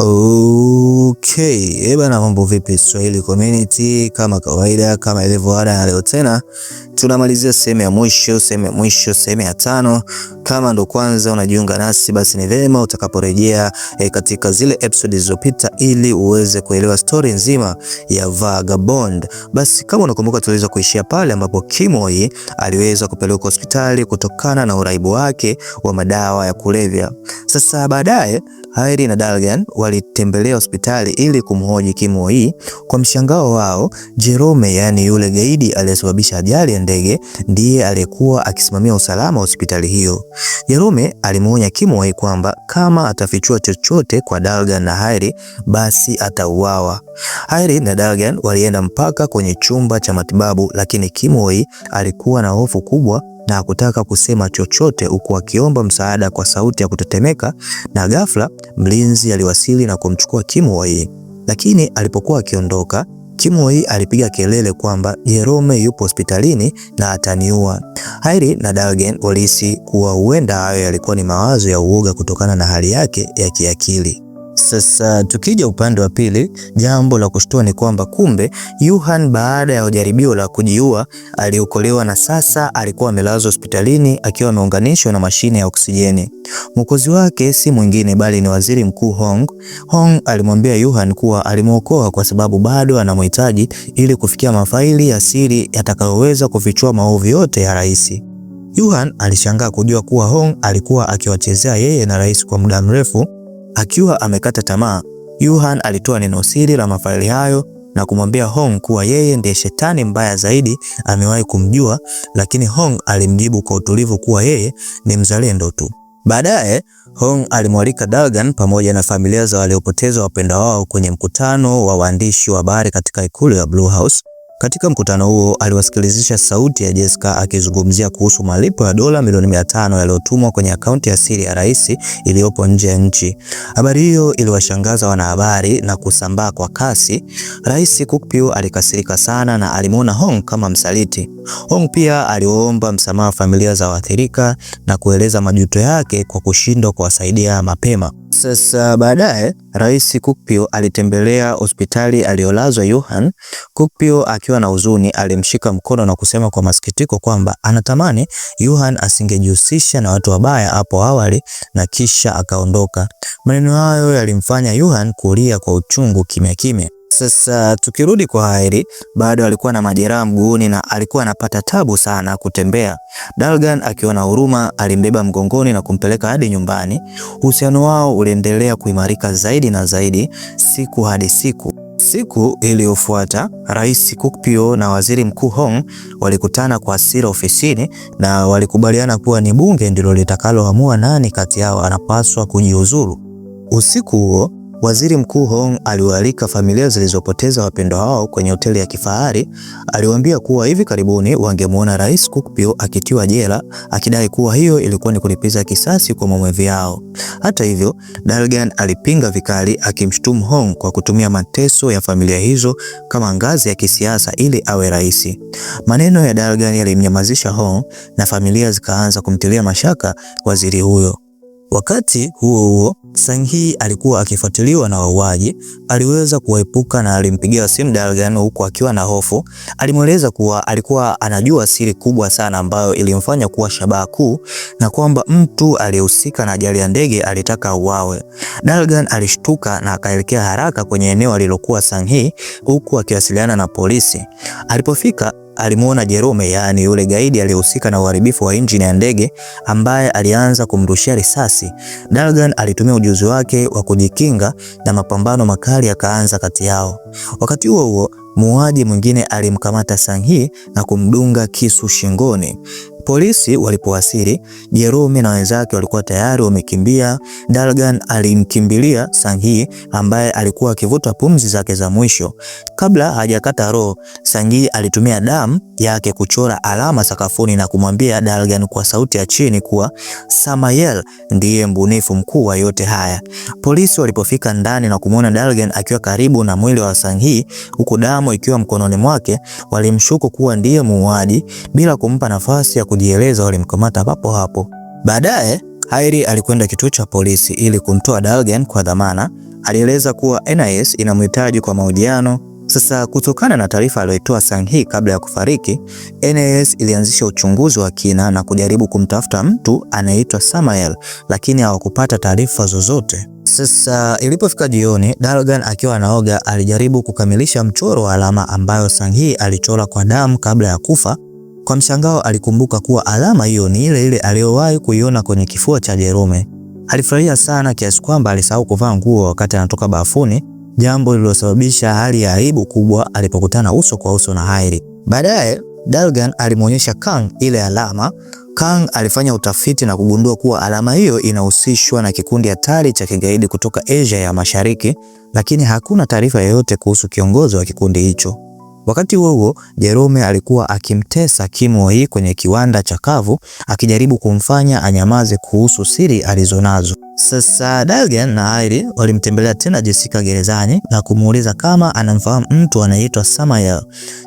Okay, ebana, mambo vipi Swahili community? Kama kawaida, kama ilivyo ada, leo tena tunamalizia sehemu ya mwisho, sehemu ya mwisho, sehemu ya tano. Kama ndo kwanza unajiunga nasi, basi ni vema utakaporejea e, katika zile episode zilizopita, ili uweze kuelewa story nzima ya Vagabond. Basi kama unakumbuka, tuliweza kuishia pale ambapo Kimoi aliweza kupelekwa hospitali kutokana na uraibu wake wa madawa ya kulevya. Sasa baadaye hairi na Dalgan walitembelea hospitali ili kumhoji Kimo woo Kwa mshangao wao, Jerome, yaani yule gaidi aliyesababisha ajali ya ndege, ndiye aliyekuwa akisimamia usalama wa hospitali hiyo. Jerome alimuonya Kimo woo kwamba kama atafichua chochote kwa Dalgan na hairi basi atauawa. hairi na Dalgan walienda mpaka kwenye chumba cha matibabu, lakini Kimo woo alikuwa na hofu kubwa na hakutaka kusema chochote huku akiomba msaada kwa sauti ya kutetemeka, na ghafla mlinzi aliwasili na kumchukua Kimoi. Lakini alipokuwa akiondoka, Kimoi alipiga kelele kwamba Jerome yupo hospitalini na ataniua. Hairi na Dagen walihisi kuwa huenda hayo yalikuwa ni mawazo ya uoga kutokana na hali yake ya kiakili. Sasa tukija upande wa pili, jambo la kushtua ni kwamba kumbe Yuhan baada ya jaribio la kujiua aliokolewa na sasa alikuwa amelazwa hospitalini akiwa ameunganishwa na mashine ya oksijeni. Mwokozi wake si mwingine bali ni waziri mkuu Hong. Hong alimwambia Yuhan kuwa alimwokoa kwa sababu bado anamhitaji ili kufikia mafaili ya siri yatakayoweza kufichua maovu yote ya rais. Yuhan alishangaa kujua kuwa Hong alikuwa akiwachezea yeye na rais kwa muda mrefu Akiwa amekata tamaa, yuhan alitoa neno siri la mafaili hayo na kumwambia Hong kuwa yeye ndiye shetani mbaya zaidi amewahi kumjua, lakini Hong alimjibu kwa utulivu kuwa yeye ni mzalendo tu. Baadaye Hong alimwalika Dalgan pamoja na familia za waliopoteza wapenda wao kwenye mkutano wa waandishi wa habari katika ikulu ya Blue House. Katika mkutano huo aliwasikilizisha sauti ya Jessica akizungumzia kuhusu malipo ya dola milioni mia tano yaliyotumwa kwenye akaunti ya siri ya rais iliyopo nje ya nchi. Habari hiyo iliwashangaza wanahabari na kusambaa kwa kasi. Rais Kukpiu alikasirika sana na alimwona Hong kama msaliti. Hong pia aliomba msamaha familia za waathirika na kueleza majuto yake kwa kushindwa kuwasaidia mapema. Sasa baadaye Rais Kukpio alitembelea hospitali aliyolazwa yuhan Kukpio akiwa na huzuni alimshika mkono na kusema kwa masikitiko kwamba anatamani yuhan asingejihusisha na watu wabaya hapo awali na kisha akaondoka. Maneno hayo yalimfanya yuhan kulia kwa uchungu kimya kimya. Sasa tukirudi kwa Hairi, bado alikuwa na majeraha mguuni na alikuwa anapata tabu sana kutembea. Dalgan akiwa na huruma alimbeba mgongoni na kumpeleka hadi nyumbani. Uhusiano wao uliendelea kuimarika zaidi na zaidi siku hadi siku. Siku iliyofuata Rais Kukpio na Waziri Mkuu Hong walikutana kwa asira ofisini na walikubaliana kuwa ni bunge ndilo litakaloamua nani kati yao anapaswa kujiuzuru. Usiku huo Waziri Mkuu Hong aliwaalika familia zilizopoteza wapendwa wao kwenye hoteli ya kifahari. Aliwaambia kuwa hivi karibuni wangemwona Rais Kukpyo akitiwa jela, akidai kuwa hiyo ilikuwa ni kulipiza kisasi kwa maumivu yao. Hata hivyo, Dalgan alipinga vikali, akimshutumu Hong kwa kutumia mateso ya familia hizo kama ngazi ya kisiasa ili awe rais. Maneno ya Dalgan yalimnyamazisha Hong na familia zikaanza kumtilia mashaka waziri huyo. Wakati huo huo, Sanghi alikuwa akifuatiliwa na wauaji, aliweza kuwaepuka na alimpigia simu Dalgan huku akiwa na hofu. Alimweleza kuwa alikuwa anajua siri kubwa sana ambayo ilimfanya kuwa shabaha kuu na kwamba mtu aliyehusika na ajali ya ndege alitaka uawe. Dalgan alishtuka na akaelekea haraka kwenye eneo alilokuwa Sanghi huku akiwasiliana na polisi. Alipofika alimuona Jerome, yaani yule gaidi aliyehusika na uharibifu wa injini ya ndege ambaye alianza kumrushia risasi. Dalgan alitumia ujuzi wake wa kujikinga na mapambano makali yakaanza kati yao. Wakati huo huo, muuaji mwingine alimkamata Sanghi na kumdunga kisu shingoni. Polisi walipowasili, Jerome na wenzake walikuwa tayari wamekimbia. Dalgan alimkimbilia Sangi ambaye alikuwa akivuta pumzi zake za mwisho. Kabla hajakata roho, Sangi alitumia damu yake kuchora alama sakafuni na kumwambia Dalgan kwa sauti ya chini kuwa Samael ndiye mbunifu mkuu wa yote haya. Polisi walipofika ndani na kumwona Dalgan akiwa karibu na mwili wa Sangi huku damu ikiwa mkononi mwake, walimshuku kuwa ndiye muuaji bila kumpa nafasi ya kujieleza walimkamata papo hapo. Baadaye Hairi alikwenda kituo cha polisi ili kumtoa Dalgan kwa dhamana. Alieleza kuwa NIS inamhitaji kwa mahojiano. Sasa kutokana na taarifa aliyoitoa Sanghi kabla ya kufariki, NIS ilianzisha uchunguzi wa kina na kujaribu kumtafuta mtu anayeitwa Samael, lakini hawakupata taarifa zozote. Sasa ilipofika jioni, Dalgan akiwa anaoga alijaribu kukamilisha mchoro wa alama ambayo Sanghi alichora kwa damu kabla ya kufa, kwa mshangao alikumbuka kuwa alama hiyo ni ile ile aliyowahi kuiona kwenye kifua cha Jerome. Alifurahia sana kiasi kwamba alisahau kuvaa nguo wakati anatoka bafuni, jambo lililosababisha hali ya aibu kubwa alipokutana uso kwa uso na Hairi. Baadaye Dalgan alimwonyesha Kang ile alama. Kang alifanya utafiti na kugundua kuwa alama hiyo inahusishwa na kikundi hatari cha kigaidi kutoka Asia ya Mashariki, lakini hakuna taarifa yoyote kuhusu kiongozi wa kikundi hicho. Wakati huo huo, Jerome alikuwa akimtesa hii kwenye kiwanda cha kavu, akijaribu kumfanya anyamaze kuhusu siri alizonazo. Sasa Dalgan na Airi walimtembelea tena Jessica gerezani na kumuuliza kama anamfahamu mtu anayeitwa Samael.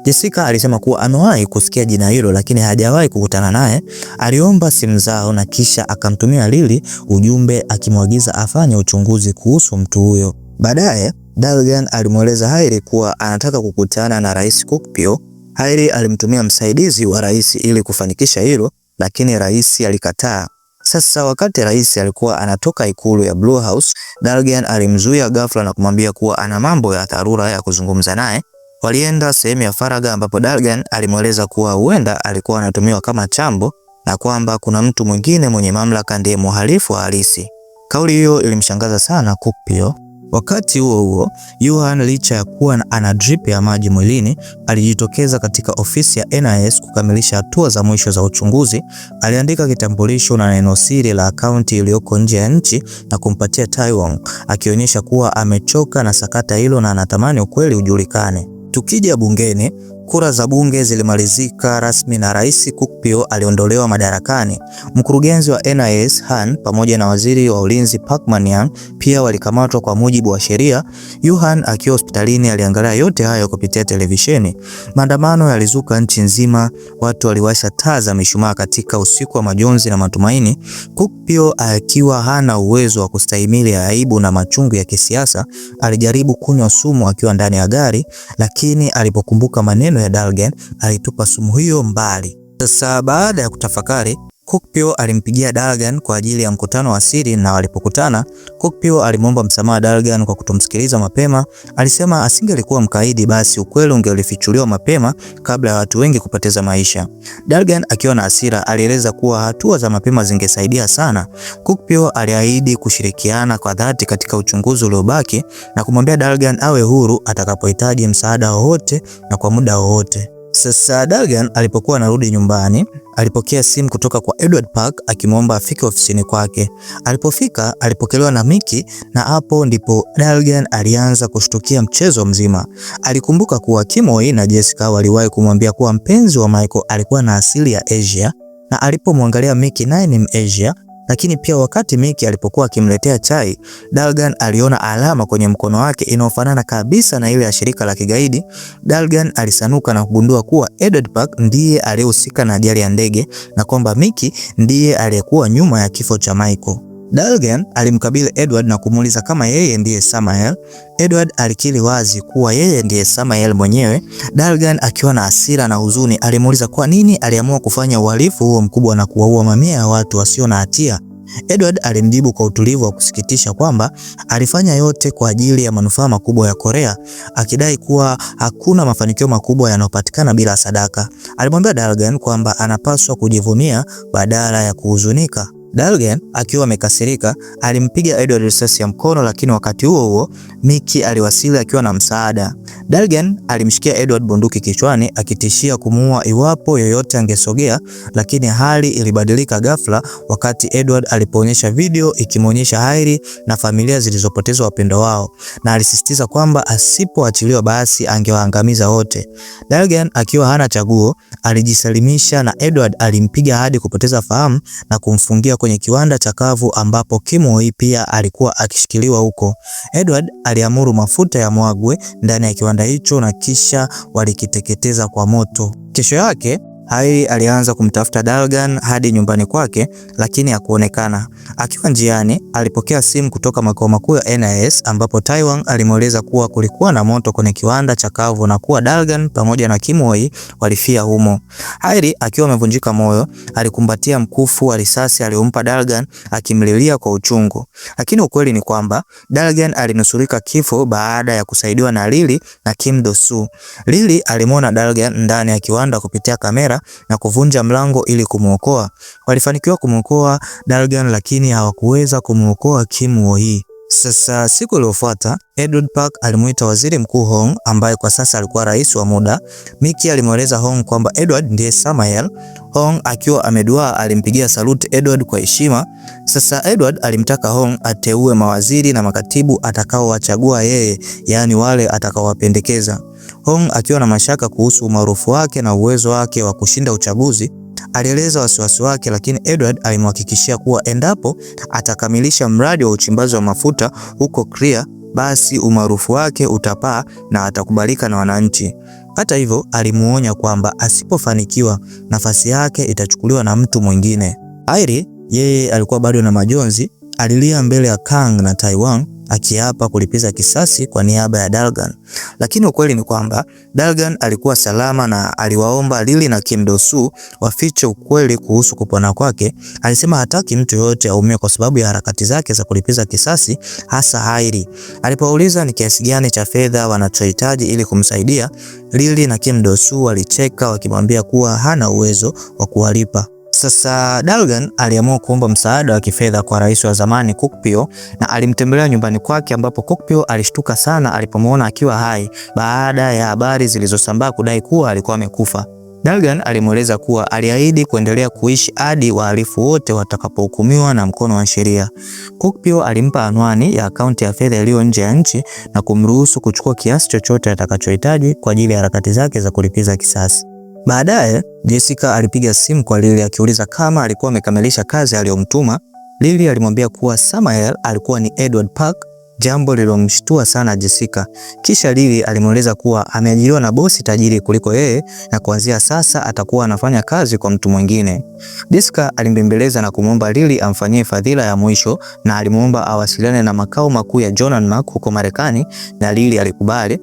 Jessica alisema kuwa amewahi kusikia jina hilo lakini hajawahi kukutana naye. Aliomba simu zao na kisha akamtumia lili ujumbe akimwagiza afanye uchunguzi kuhusu mtu huyo. Baadaye Dalgan alimweleza hairi kuwa anataka kukutana na Rais Kukpio. hairi alimtumia msaidizi wa rais ili kufanikisha hilo, lakini rais alikataa. Sasa wakati rais alikuwa anatoka ikulu ya Blue House, Dalgan alimzuia ghafla na kumwambia kuwa ana mambo ya dharura ya kuzungumza naye. Walienda sehemu ya faraga ambapo Dalgan alimweleza kuwa huenda alikuwa anatumiwa kama chambo na kwamba kuna mtu mwingine mwenye mamlaka ndiye muhalifu halisi. Kauli hiyo ilimshangaza sana Kukpio. Wakati huo huo, Yuan licha ya kuwa ana drip ya maji mwilini, alijitokeza katika ofisi ya NIS kukamilisha hatua za mwisho za uchunguzi. Aliandika kitambulisho na neno siri la akaunti iliyoko nje ya nchi na kumpatia Taiwan, akionyesha kuwa amechoka na sakata hilo na anatamani ukweli ujulikane. Tukija bungeni, kura za bunge zilimalizika rasmi na Rais Kukpio aliondolewa madarakani. Mkurugenzi wa NIS Han pamoja na waziri wa ulinzi Park Maniang pia walikamatwa kwa mujibu wa sheria. Yuhan akiwa hospitalini aliangalia yote hayo kupitia televisheni. Maandamano yalizuka nchi nzima, watu waliwasha taa za mishumaa katika usiku wa majonzi na matumaini. Kukpio akiwa hana uwezo wa kustahimili aibu na machungu ya kisiasa, alijaribu kunywa sumu akiwa ndani ya gari, lakini alipokumbuka maneno ya Dalgen alitupa sumu hiyo mbali. Sasa baada ya kutafakari, Kukpyo alimpigia Dalgan kwa ajili ya mkutano wa siri na walipokutana, Kukpyo alimwomba msamaha Dalgan kwa kutomsikiliza mapema. Alisema asingelikuwa mkaidi, basi ukweli ungelifichuliwa mapema kabla ya watu wengi kupoteza maisha. Dalgan akiwa na hasira alieleza kuwa hatua za mapema zingesaidia sana. Kukpyo aliahidi kushirikiana kwa dhati katika uchunguzi uliobaki na kumwambia Dalgan awe huru atakapohitaji msaada wowote na kwa muda wowote. Sasa Dalgan alipokuwa anarudi nyumbani, alipokea simu kutoka kwa Edward Park akimwomba afike ofisini kwake. Alipofika, alipokelewa na Miki na hapo ndipo Dalgan alianza kushtukia mchezo mzima. Alikumbuka kuwa Kimoi na Jessica waliwahi kumwambia kuwa mpenzi wa Michael alikuwa na asili ya Asia na alipomwangalia Miki naye ni Asia, lakini pia wakati miki alipokuwa akimletea chai, Dalgan aliona alama kwenye mkono wake inayofanana kabisa na ile ya shirika la kigaidi. Dalgan alisanuka na kugundua kuwa Edward Park ndiye aliyehusika na ajali ya ndege na kwamba miki ndiye aliyekuwa nyuma ya kifo cha Michael. Dalgan alimkabili Edward na kumuuliza kama yeye ndiye Samael. Edward alikiri wazi kuwa yeye ndiye Samael mwenyewe. Dalgan akiwa na hasira na huzuni alimuuliza kwa nini aliamua kufanya uhalifu huo mkubwa na kuwaua mamia ya watu wasio na hatia. Edward alimjibu kwa utulivu wa kusikitisha kwamba alifanya yote kwa ajili ya manufaa makubwa ya Korea, akidai kuwa hakuna mafanikio makubwa yanayopatikana bila sadaka. Alimwambia Dalgan kwamba anapaswa kujivunia badala ya kuhuzunika. Dalgen akiwa amekasirika alimpiga Edward risasi ya mkono, lakini wakati huo huo Miki aliwasili akiwa na msaada. Dalgen alimshikia Edward bunduki kichwani akitishia kumuua iwapo yoyote angesogea, lakini hali ilibadilika ghafla wakati Edward alipoonyesha video ikimwonyesha Hairi na familia zilizopoteza wapendo wao, na alisisitiza kwamba asipoachiliwa basi angewaangamiza wote. Dalgen akiwa hana chaguo alijisalimisha na Edward alimpiga hadi kupoteza fahamu na kumfungia kwenye kiwanda cha kavu ambapo Kimoi pia alikuwa akishikiliwa huko. Edward aliamuru mafuta ya mwagwe ndani ya kiwanda hicho na kisha walikiteketeza kwa moto. Kesho yake Harry alianza kumtafuta Dalgan hadi nyumbani kwake, lakini hakuonekana. Akiwa njiani, alipokea simu kutoka makao makuu ya NIS ambapo Taiwan alimweleza kuwa kulikuwa na moto kwenye kiwanda cha kavu na kuwa Dalgan pamoja na Kimoi walifia humo. Harry akiwa amevunjika moyo, alikumbatia mkufu wa risasi aliompa Dalgan akimlilia kwa uchungu. Lakini ukweli ni kwamba Dalgan alinusurika kifo baada ya kusaidiwa na Lily na Kim Dosu. Lily alimwona Dalgan ndani ya kiwanda kupitia kamera na kuvunja mlango ili kumwokoa. Walifanikiwa kumwokoa Dalgan, lakini hawakuweza kumwokoa Kim Woo-hee. Sasa siku iliyofuata Edward Park alimuita waziri mkuu Hong ambaye kwa sasa alikuwa rais wa muda. Mickey alimweleza Hong kwamba Edward ndiye Samael. Hong akiwa amedua alimpigia saluti Edward kwa heshima. Sasa Edward alimtaka Hong ateue mawaziri na makatibu atakaowachagua yeye, yaani wale atakaowapendekeza. Hong akiwa na mashaka kuhusu umaarufu wake na uwezo wake wa kushinda uchaguzi, alieleza wasiwasi wake, lakini Edward alimhakikishia kuwa endapo atakamilisha mradi wa uchimbaji wa mafuta huko Clear, basi umaarufu wake utapaa na atakubalika na wananchi. Hata hivyo, alimuonya kwamba asipofanikiwa nafasi yake itachukuliwa na mtu mwingine. Airi yeye alikuwa bado na majonzi, alilia mbele ya Kang na Taiwan akiapa kulipiza kisasi kwa niaba ya Dalgan, lakini ukweli ni kwamba Dalgan alikuwa salama na aliwaomba lili na Kim Dosu wafiche ukweli kuhusu kupona kwake. Alisema hataki mtu yoyote aumie kwa sababu ya harakati zake za kulipiza kisasi, hasa Hairi. Alipouliza ni kiasi gani cha fedha wanachohitaji ili kumsaidia, lili na Kim Dosu walicheka wakimwambia kuwa hana uwezo wa kuwalipa. Sasa Dalgan aliamua kuomba msaada wa kifedha kwa rais wa zamani Kukpio na alimtembelea nyumbani kwake, ambapo Kukpio alishtuka sana alipomwona akiwa hai baada ya habari zilizosambaa kudai kuwa alikuwa amekufa. Dalgan alimweleza kuwa aliahidi kuendelea kuishi hadi wahalifu wote watakapohukumiwa na mkono wa sheria. Kukpio alimpa anwani ya akaunti ya fedha iliyo nje ya nchi na kumruhusu kuchukua kiasi chochote atakachohitaji kwa ajili ya harakati zake za kulipiza kisasi. Baadaye Jessica alipiga simu kwa Lily akiuliza kama alikuwa amekamilisha kazi aliyomtuma. Lily alimwambia kuwa Samael alikuwa ni Edward Park, jambo lililomshtua sana Jessica. Kisha Lily alimueleza kuwa ameajiriwa na bosi tajiri kuliko yeye na kuanzia sasa atakuwa anafanya kazi kwa mtu mwingine. Jessica alimbembeleza na kumwomba Lily amfanyie fadhila ya mwisho na alimuomba awasiliane na makao makuu ya John and Mark huko Marekani na Lily alikubali.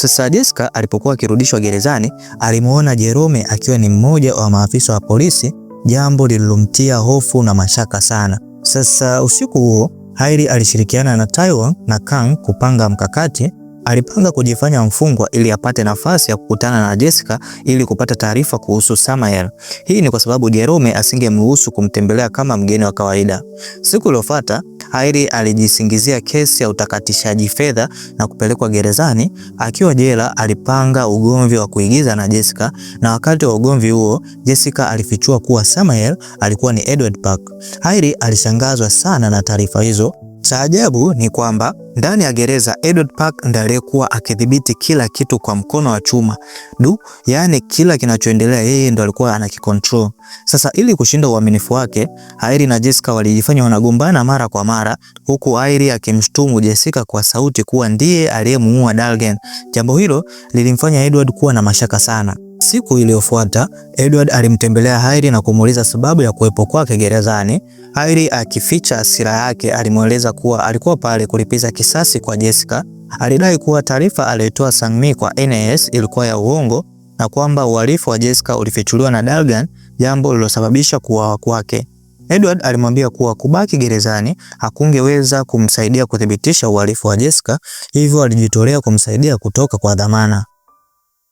Sasa Jesca alipokuwa akirudishwa gerezani, alimuona Jerome akiwa ni mmoja wa maafisa wa polisi, jambo lililomtia hofu na mashaka sana. Sasa usiku huo Hairi alishirikiana na Taiwan na Kang kupanga mkakati Alipanga kujifanya mfungwa ili apate nafasi ya kukutana na Jessica ili kupata taarifa kuhusu Samael. Hii ni kwa sababu Jerome asingemruhusu kumtembelea kama mgeni wa kawaida. Siku iliyofuata, Hairi alijisingizia kesi ya utakatishaji fedha na kupelekwa gerezani. Akiwa jela, alipanga ugomvi wa kuigiza na Jessica, na wakati wa ugomvi huo, Jessica alifichua kuwa Samael alikuwa ni Edward Park. Hairi alishangazwa sana na taarifa hizo cha ajabu ni kwamba ndani ya gereza Edward Park ndiye aliyekuwa akidhibiti kila kitu kwa mkono wa chuma. Du, yaani kila kinachoendelea yeye ndo alikuwa anakikontrol. Sasa ili kushinda uaminifu wake, airi na Jessica walijifanya wanagombana mara kwa mara, huku airi akimshtumu Jessica kwa sauti kuwa ndiye aliyemuua Dalgan. Jambo hilo lilimfanya Edward kuwa na mashaka sana. Siku iliyofuata Edward alimtembelea Hairi na kumuuliza sababu ya kuwepo kwake gerezani. Hairi akificha hasira yake, alimweleza kuwa alikuwa pale kulipiza kisasi kwa Jessica. Alidai kuwa taarifa aliyotoa Sangmi kwa nas ilikuwa ya uongo na kwamba uhalifu wa Jessica ulifichuliwa na Dalgan, jambo lililosababisha kuuawa kwake. Edward alimwambia kuwa kubaki gerezani hakungeweza kumsaidia kuthibitisha uhalifu wa Jessica, hivyo alijitolea kumsaidia kutoka kwa dhamana.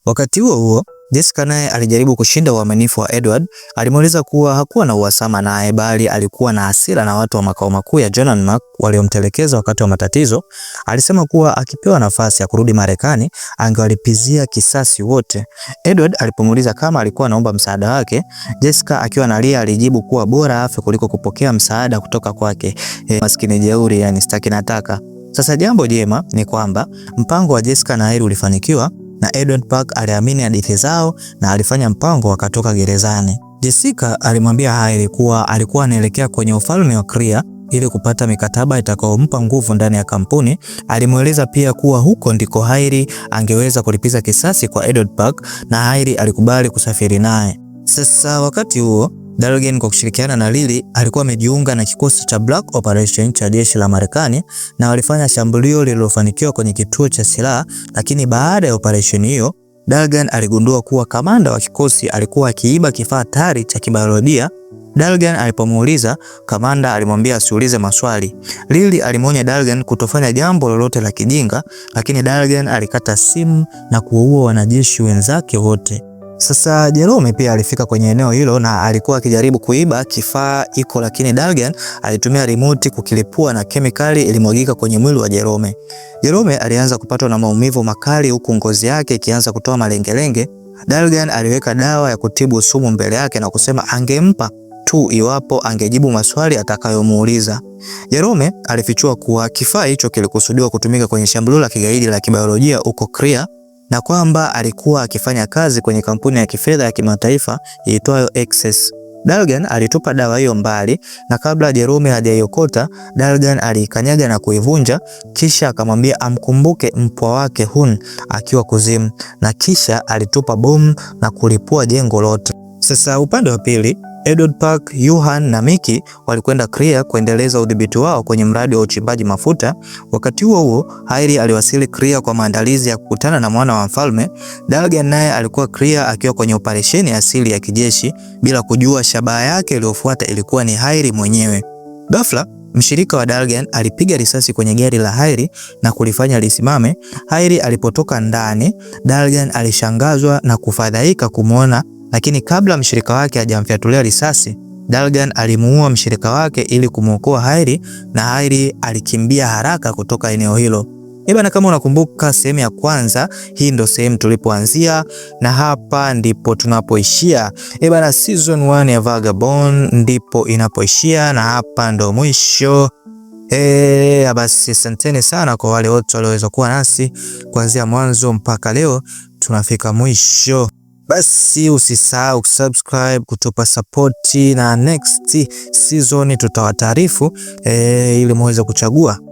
Wakati huo huo Jessica naye alijaribu kushinda uaminifu wa Edward. Alimuuliza kuwa hakuwa na uhasama naye, bali alikuwa na hasira na watu wa makao makuu ya John and Mark waliomtelekeza wakati wa matatizo. Alisema kuwa akipewa nafasi ya kurudi Marekani angewalipizia kisasi wote. Edward alipomuuliza kama alikuwa anaomba msaada wake, Jessica akiwa nalia alijibu kuwa bora afe kuliko kupokea msaada kutoka kwake. E, maskini jeuri, yani sitaki nataka. Sasa jambo jema ni kwamba mpango wa Jessica na Harry ulifanikiwa na Edward Park aliamini hadithi zao na alifanya mpango wakatoka gerezani. Jessica alimwambia Hailey kuwa alikuwa anaelekea kwenye ufalme wa kria ili kupata mikataba itakayompa nguvu ndani ya kampuni. Alimweleza pia kuwa huko ndiko Hailey angeweza kulipiza kisasi kwa Edward Park, na Hailey alikubali kusafiri naye. Sasa wakati huo Dalgen kwa kushirikiana na lili alikuwa amejiunga na kikosi cha Black Operation cha jeshi la Marekani na walifanya shambulio lililofanikiwa kwenye kituo cha silaha, lakini baada ya operation hiyo Dalgan aligundua kuwa kamanda wa kikosi alikuwa akiiba kifaa tari cha kibiolojia. Dalgan alipomuuliza, kamanda alimwambia asiulize maswali. lili alimwonya Dalgan kutofanya jambo lolote la kijinga, lakini Dalgan alikata simu na kuwaua wanajeshi wenzake wote. Sasa Jerome pia alifika kwenye eneo hilo na alikuwa akijaribu kuiba kifaa iko, lakini Dalgan alitumia remote kukilipua na kemikali ilimwagika kwenye mwili wa Jerome. Jerome alianza kupatwa na maumivu makali huku ngozi yake ikianza kutoa malengelenge. Dalgan aliweka dawa ya kutibu sumu mbele yake na kusema angempa tu iwapo angejibu maswali atakayomuuliza. Jerome alifichua kuwa kifaa hicho kilikusudiwa kutumika kwenye shambulio la kigaidi la kibiolojia huko Korea na kwamba alikuwa akifanya kazi kwenye kampuni ya kifedha ya kimataifa iitwayo Axis. Dalgan alitupa dawa hiyo mbali na kabla Jerome hajaiokota, Dalgan aliikanyaga na kuivunja, kisha akamwambia amkumbuke mpwa wake Hun akiwa kuzimu, na kisha alitupa bomu na kulipua jengo lote. Sasa upande wa pili Edward Park, Yuhan na Miki walikwenda Kria kuendeleza udhibiti wao kwenye mradi wa uchimbaji mafuta. Wakati huo huo, hairi aliwasili Kria kwa maandalizi ya kukutana na mwana wa mfalme. Dalgan naye alikuwa Kria akiwa kwenye operesheni asili ya kijeshi bila kujua shabaha yake iliyofuata ilikuwa ni hairi mwenyewe. Ghafla mshirika wa Dalgan alipiga risasi kwenye gari la hairi na kulifanya lisimame. hairi alipotoka ndani, Dalgan alishangazwa na kufadhaika kumwona lakini kabla mshirika wake hajamfyatulia risasi, Dalgan alimuua mshirika wake ili kumwokoa Hairi na Hairi alikimbia haraka kutoka eneo hilo. Ebana, kama unakumbuka sehemu ya kwanza, hii ndo sehemu tulipoanzia na hapa ndipo tunapoishia. Ebana, season 1 ya Vagabond ndipo inapoishia na hapa ndo mwisho. Eh, basi asanteni sana kwa wale wote walioweza kuwa nasi kuanzia mwanzo mpaka leo tunafika mwisho. Basi usisahau kusubscribe, kutupa sapoti na next season tutawataarifu e, ili muweze kuchagua